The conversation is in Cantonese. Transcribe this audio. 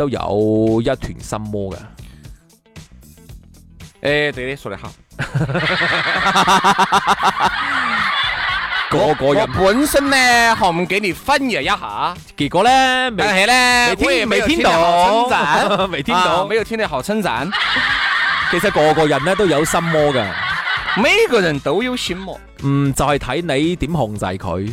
都有一團心魔㗎，誒，你呢？說嚟下，個個人本身呢，行幾年分嘅一下，結果呢，但係咧，我亦未聽到，未聽到，沒有聽到好稱讚。其實個個人呢都有心魔㗎，每個人都有心魔，嗯，就係睇你點控制佢。